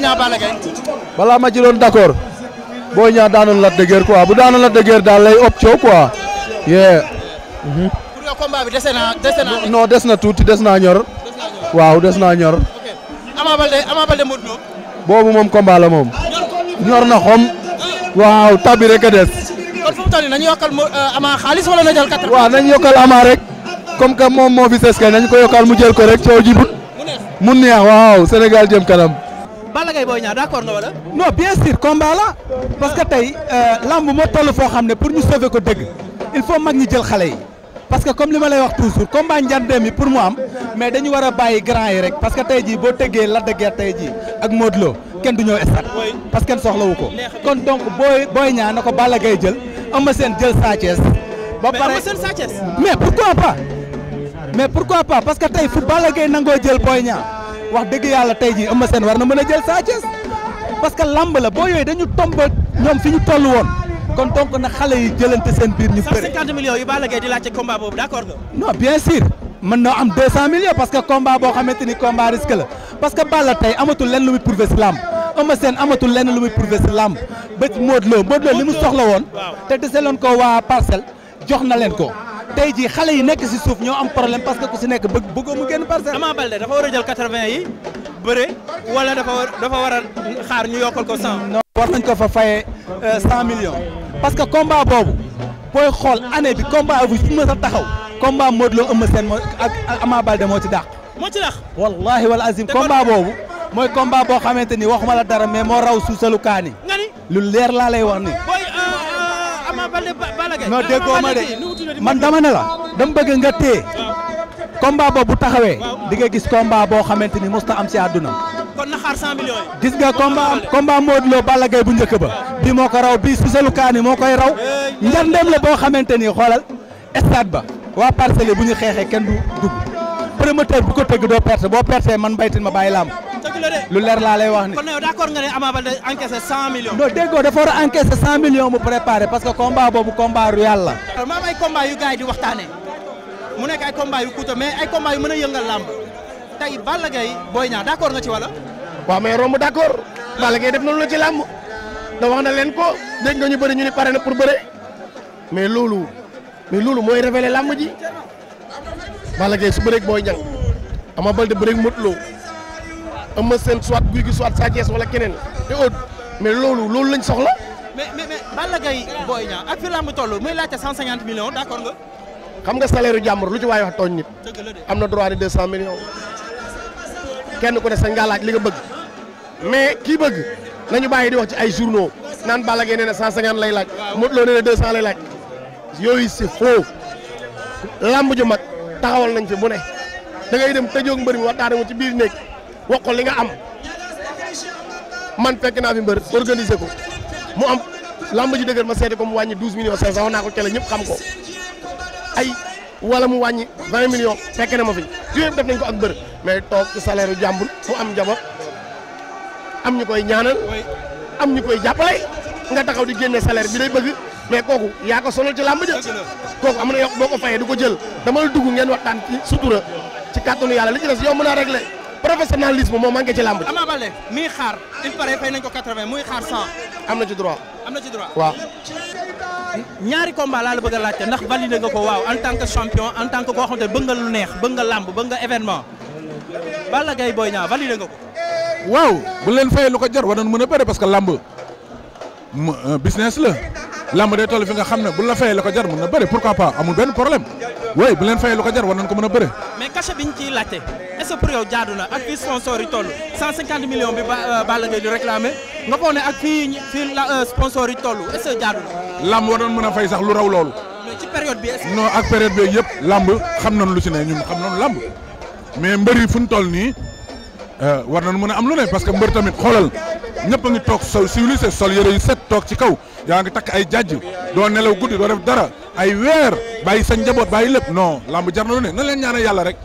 ñaa Balla balaa ma ci doon d'accord Boy Niang daanoon Lac de Guiers quoi bu daanoon Lac de Guiers daal lay ëpp coow quoi. yee. Mhm. pour des na tuuti des naa ñor. waaw des naa ñor. ok Ama Baldé Ama boobu moom combat moom. ñor na xom. waaw tabi rek a des. kon fu mu toll nañu yokkal euh, Ama xaalis wala na jël quatre. waaw nañu yokkal Ama rek. comme que moom moo fi ses kay nañu ko yokkal mu jël ko rek coow ji bu. mu neex waaw Sénégal jëm kanam. Balla Gaye bien sûr combat la parce tey euh, lamb moo toll foo xam ne pour ñu sauver ko dëgg il faut mag ñi jël xale yi parce comme li ma lay wax toujours combat njàndeem yi pour mu am mais dañu war a bàyyi grand yi rek parce que tey jii boo tëggee Lac de Guiers tey ak Modou Lo kenn du ñëw stade parce que kenn soxlawu ko kon donc Boy Boy Niang na ko Balla Gaye jël Eumeu Sène jël Sa Thiès. ba pare mais pourquoi pas mais pourquoi pas parce que tey fu Balla Gaye nangoo jël Boy Niang. wax dëgg yàlla tey jii Eumeu Sène war na mën a jël Sa Thiès parce que lamb la boo yooyu dañu tomba ñoom fi ñu toll woon kon donc na xale yi jëlante seen biir ñu bëri 150 millions yu Balla Gaye di laajte combat boobu d'accord nga non bien sûr mën na am 200 millions parce que combat boo xamante ni combat risque la parce que Balla tey amatul lenn lu muy prouver si lamb amatul lenn lu muy prouver si lamb ba Modou Lo Modou li mu soxla woon te deseloon ko waa parcelle jox na leen ko tey jii xale yi nekk si suuf ñoo am problème parce que ku si nekk bëgg bëggoo mu génn parcelle. Ama Baldé dafa war a jël 80 yi bëre wala dafa war dafa war a xaar ñu yokkal ko 100. non war nañ ko fa faye 100 euh, millions parce que combat boobu booy xool année bi combat bi si mu taxaw combat Modou Lo Eumeu Sène moo ak Ama Baldé moo ci dàq. moo ci dàq. wallaahi wal azim combat boobu mooy combat boo xamante ni waxuma la dara mais moo raw suusalu kaani lu leer laa lay wax non déggoo ma de man dama ne la dama bëgg nga téye combat ba bu taxawee di nga gis combat boo xamante ni musta am si àdduna kon na xaar 100 millions yi gis nga combat combat Modou Lo Balla bu njëkk ba bi moo ko raw bii Fisselu Kaani moo koy raw njarndeem la boo xamante ni xoolal stade ba waa parcelle bu ñu xeexee kenn du dugg promoteur bu ko tëgg doo perte boo perte man mbaytin ma bàyyi làmb lu leer laa lay wax ni kon yow d'accord déggoo dafa war a encaissé 100 mu préparé parce que combat boobu combat ru yàlla. ma am ay combat yu gars yi di waxtaanee mu nekk ay combat yu coûteux mais ay combat yu mën a yëngal làmb tey Balla Gaye Boy Niang nga ci wala. waaw mais romb d'accord Balla def na lu la ci làmb da wax na leen ko dégg nga ñu bëri ñu ni pare na pour bëre mais loolu mais loolu mooy révéler làmb ji Balla Gaye su bëreeg Boy Niang Ama a bëreeg Modou Eumeu Sène soit Gouye Gui soit Sa Thiès wala keneen te autre mais loolu loolu lañ soxla. mais mais mais Balla booy Boy Niang ak fi lamb toll muy laajte 150 millions d'accord xam nga salaire yu jàmbur lu ci waay wax tooñ nit. am na droit de 200 millions. kenn ku de sañ nga laaj li nga bëgg mais kii bëgg nañu bàyyi di wax ci ay journaux naan Balla Gaye nee na lay laaj. Modou Lo nee na 200 lay laaj. yooyu c'est faux lamb ju mag taxawal nañ fi bu ne da ngay dem tëjoog mbër mi waxtaane mu ci biir néeg. wax ko li nga am man fekk naa fi mbër organiser ko mu am lamb ji dëgër ma seete ko mu wàññi 12 millions 500 wax naa ko télé ñëpp xam ko ay wala mu wàññi 20 million fekk ne ma fi yooyu yëpp def nañ ko ak mbër mais toog ci salaire yu jàmbur mu am njaboot am ñu koy ñaanal am ñu koy jàppale nga taxaw di génne salaire bi day bëgg mais kooku yaa ko sonal ci làmb ja kooku am na yokk boo ko fayee du ko jël dama la dugg ngeen waxtaan ci sutura ci kàttanu yàlla professionnalisme moo manqué ci làmb ji. Ama Baldé mi xaar il paraît fay nañ ko 80 muy xaar 100. am na ci droit. ñaari combat laa la bëgg a laajte ndax validé nga ko waaw en tant que champion en tant que koo xamante ne bëgg nga lu neex bëgg nga làmb bëgg nga événement. Balla Gaye Boy Niang validé nga ko. waaw bu leen fayee lu ko jar war nañu mën a bëre parce que làmb euh, business la làmb day toll fi nga xam ne bu la fayee lu ko jar mën na bëre pourquoi pas amul benn waaye bu leen fay lu ko jar war nañ ko mën a bëre. mais cachet bi ñu ciy laajte est-ce que pour yow jaadu na ak fii sponsor yi toll 150 millions bi ba euh, Balla Gaye di réclamer nga foog ne ak fii fii la euh, sponsor yi toll est jaadu na. làmb war nañ mën a fay sax lu raw loolu. mais ci période bi est-ce que. ak période bi yëpp làmb xam nañ lu ci ne ñun xam nañ làmb mais mbëri fu ñu toll nii. Euh, war nañ mën a am lu ne parce que mbër tamit xoolal ñëpp a ngi toog sol civilisé sol yëre yu set toog ci kaw yaa ngi takk ay jàjj doo nelaw guddi doo def dara ay weer bàyyi sa njaboot bàyyi lépp noo lamb jar na lu ne na leen ñaanal yàlla rek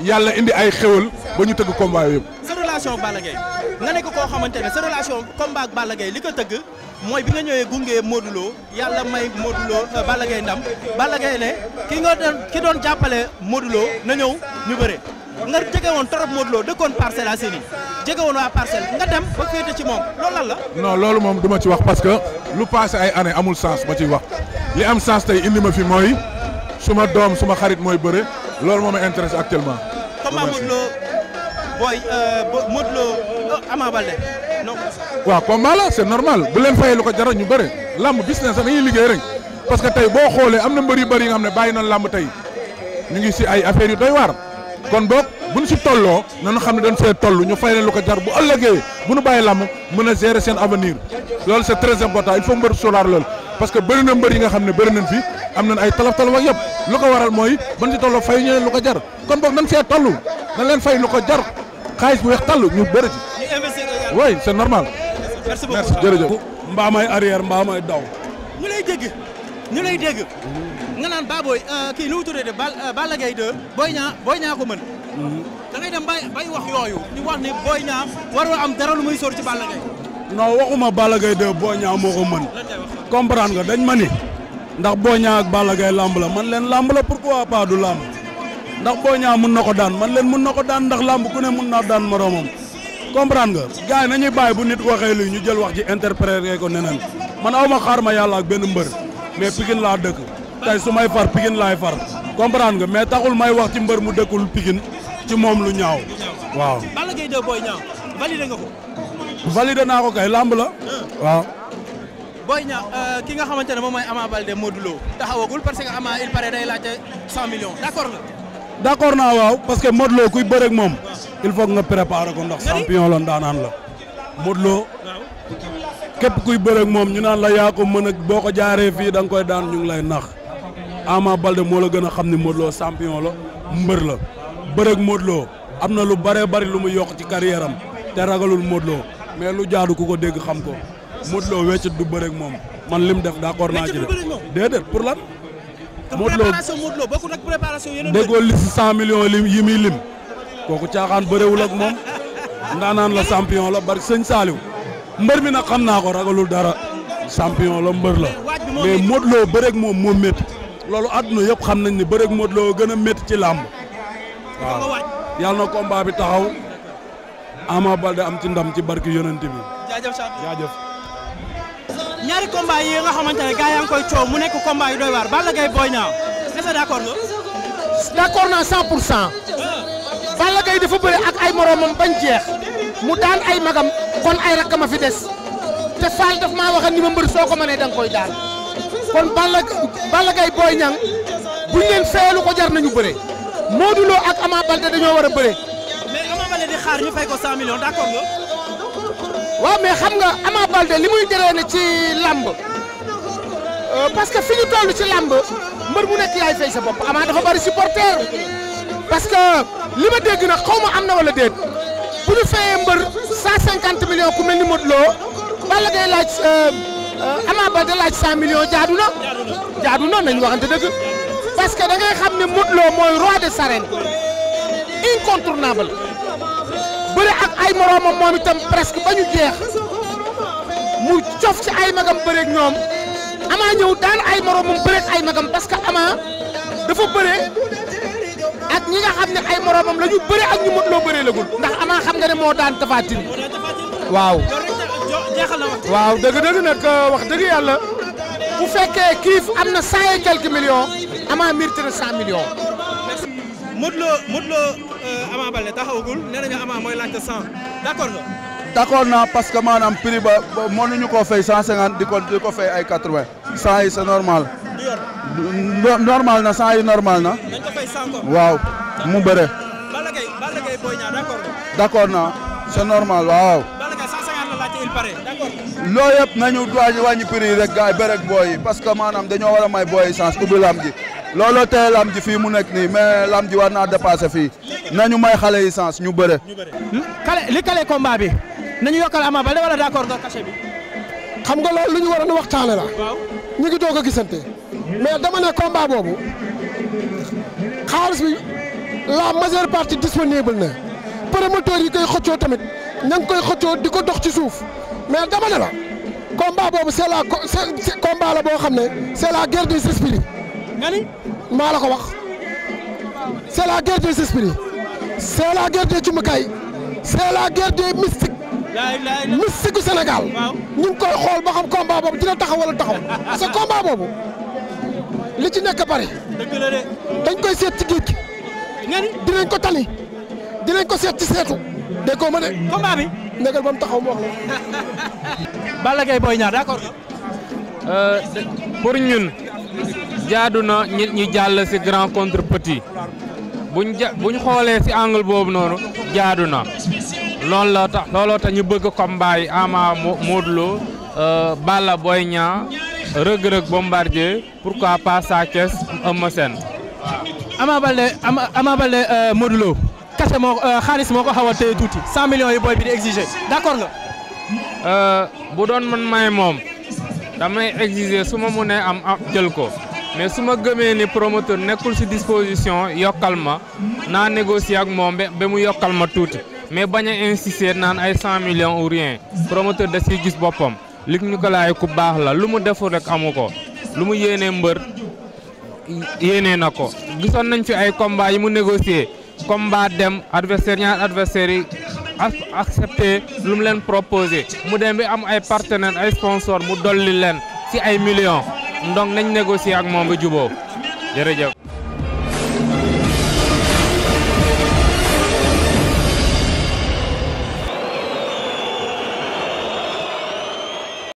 yàlla indi ay xéwal ba ñu tëgg combat yooyu yëpp. sa relation ak Balla nga nekk koo xamante ne sa relation combat ak Balla Gaye li ko tëgg mooy bi nga ñëwee gungee Modou yàlla may Modou Lo euh, Balla Gaye ndam Balla Gaye ne ki nga doon ki doon jàppale Modou na ñëw ñu bëre. nga jege woon trop Modou Lo dëkkoon Parcelles Assainies jege woon waa parcelle nga dem ba féete ci moom loolu lan la. non loolu moom du ma ci wax parce que lu passé ay années amul sens ma ciy wax li am sens tey indi ma fi mooy suma doom suma xarit mooy bëre loolu moo ma intéresse actuellement. comment Modou Lo booy euh, Modou Lo euh, Ama Baldé non. waaw combat la c'est normal bu leen fayee lu ko jaral ñu bëre làmb business dañuy liggéey rek parce que tey boo xoolee am na mbër yu bëri yi nga xam ne bàyyi nañ làmb tey ñu si ay affaires yu doy waar. kon boog bu ñu si tolloo nañu xam ne dañ fee toll ñu fay leen lu ko jar bu ëllëgee bu ñu bàyyi làmb mën a gérer seen avenir loolu c'est très important il faut mbër sóoraal loolu parce que bëri na mbër yi nga xam ne bëri nañ fi am nañ ay talaf talaf ak yëpp lu ko waral mooy ban si tolloo fay ñu leen lu ko jar kon boog nañ fee toll nañ leen fay lu ko jar xaalis bu weex tàll ñu bëri ci. ñu investir oui c'est normal. merci beaucoup merci mbaa may arrière mbaa may daw. ñu ñu lay dégg nga naan Baboy euh, kii nu mu tuddee euh, de Balla Gaye 2 Boy Niang Boy Niang ko mën mm-hmm. da dem bay bay wax yooyu ñu wax ni Boy war waroo am dara lu muy sóor ci Balla Gaye waxuma Balla Gaye 2 Boy Niang moo ko mën comprendre nga dañ ma ni ndax Boy Niang ak Balla Gaye la man leen lamb la pourquoi pas du lamb ndax Boy ñaa mun na ko daan man leen mun na ko daan ndax làmb ku ne mun naa daan moromam comprendre nga gars yi nañuy bàyyi bu nit waxee luy ñu jël wax ji interpréter ko neneen man aw ma xaar ma yàlla benn mbër mais Pikine laa dëkk tey su may far Pikine laay far comprendre nga mais taxul may wax ci mbër mu dëkkul Pikine ci moom lu ñaaw waaw. Balla Gaye 2 Boy Niang validé nga ko. validé naa ko kay làmb la ah. waaw. Boy Niang euh, ki nga xamante ne moom mooy Ama Baldé Modou Lo taxawagul parce que Ama il paraît day laajte 100 millions d'accord nga. d'accord naa waaw parce que Modou Lo kuy bëreeg moom ah. il faut nga préparer ko ndox ndax champion la ndaanaan la Modou Lo. képp kuy bëreeg moom ñu naan la yaa mën a boo ko jaaree fii da nga koy daan ñu ngi lay nax Ama Balde moo la gën a xam ni Modou Lo champion la mbër la bëreeg Modou Lo am na lu bëree bëri lu mu yokk ci carrière am te ragalul Modou Lo mais lu jaadu ku ko dégg xam ko Modou Lo weccut du bëreeg moom man lim def d'accord naa ci de déedéet pour lan. Modou Lo préparation Modou Lo bokkul ak préparation li si cent millions lim yi lim kooku caaxaan bëreewul ak moom ndaanaan la champion la bari sëñ Saliou. mbër mi nag xam naa ko ragalul dara champion la mbër la mais Modou Lo bëreeg moom moo métti loolu àdduna yëpp xam nañ ni bëreeg Modou loo gën a métti ci làmb waaw yàlla na combat bi taxaw Ama Balde am ci ndam ci barki yonent bi ñaari combat yi nga xamante ne koy coow mu nekk combat yu doy waar Balla Gaye Boy Niang est-ce que naa 100 pour cent Balla Gaye dafa bëre ak ay moroomam bañ jeex mu daan ay magam kon ay rakkama fi des te Fall daf maa waxal ni ma mbër soo ko mënee da nga koy daal kon Balla Balla Gaye Boy Niang buñ leen feelu ko jar nañu bëre Modou Lo ak Ama Baldé dañoo war a bëre. mais Ama Baldé di waaw mais xam nga Ama Baldé li muy jëree ne làmb euh, parce que fi ñu toll ci làmb mbër mu nekk yaay fay sa bopp Ama dafa bari supporter parce que li ma dégg nag xaw ma am na wala déet. bu ñu fayee mbër 150 ku mel ni Modou Lo Balla laaj euh, euh, Ama Baldé laaj 100 millions jaadu na nañu waxante dëgg parce que da ngay xam ne Modou mooy roi des arènes incontournable bëri ak ay moroomam moom itam presque ba ñu jeex mu cof ci ay magam bëreeg ñoom Ama ñëw daan ay moroomam bëreeg ay magam parce que dafa bëre. ñi nga ne ay moromam la ñu bëre ak ñu Modou Lo bëree lagul ndax amaa xam nga ne moo daan Tapha Tine waaw waaw dëgg-dëgg euh, wax dëgg yàlla bu fekkee kiif am na cent et quelques millions amaa mérité na cent millions. Modou Lo Modou Lo euh, Ama Baldé taxawagul nee nañu Ama mooy laajte cent d'accord nga. d'accord naa parce que maanaam prix ba mënuñu koo fay cent cinquante di ko di ay quatre vingt. cent yi c'est normal. normal na cent normal na. waaw. mu bëre. Balla na Balla Gaye Boy Niang d'accord nga. d'accord naa c'est normal waaw. Balla Gaye nañu doy wàññi prix yi rek gars yi bëre ak yi parce que maanaam dañoo war a may booy yi chance ubbi lam ji looloo tey fii mu nekk nii mais lam ji war naa dépassé fii nañu may xale yi chance ñu bëre. kale li kale combat bi nañu yokkal Ama Baldé wala d'accord nga cachet bi. xam nga loolu lu ñu waroon a waxtaane la ñu ngi doog a gisante dama ne combat boobu bi. la majeure partie disponible na promoteur yi koy xëccoo tamit ña koy xëccoo di ko dox ci suuf mais dama ne la combat boobu c'est la c'est combat la boo xam ne c'est la guerre des maa la ko wax c'est la guerre des esprits c'est la guerre des cumukaay c'est la guerre des mystiques. mystique koy xool ba xam combat boobu dina taxaw wala taxaw parce que combat boobu li ci nekk bari. dañ koy seet ci géej nga ni ko tali dinañ ko seet ci seetu dégg de. combat bi ba mu taxaw mu wax la. Boy Niang d'accord. Euh, pour ñun jaadu na ñi ñi jàll ci grand contre petit bu ñu xoolee ci angle boobu noonu jaadu na loolu la tax looloo tax bëgg combat yi Ama Modou Lo euh, Balla Boy Niang Reug Reug Bombardier pourquoi pas Sa Thiès Ama Baldé Ama Baldé euh, Modou Lo kase moo euh, xaalis moo ko xaw a tuuti 100 millions yi booy bi di exiger d'accord nga. Euh, bu doon man may moom dama exiger su ma mënee am am jël ko mais su ma gëmee ni promoteur nekkul si disposition yokkal ma naa négocier ak moom ba mu yokkal ma tuuti mais bañ a insister naan ay 100 millions ou rien promoteur da gis boppam. Luc Nicolaï ku baax la lu mu deful rek amu ko lu mu yéenee mbër. yéenee na ko gisoon nañ fi ay combat yi mu négocier combat dem adversaire ñaar adversaire yi accepté lu leen proposé mu dem bi am ay partenaire ay sponsor mu dolli leen ci ay millions donc nañ négocier ak moom bi juboo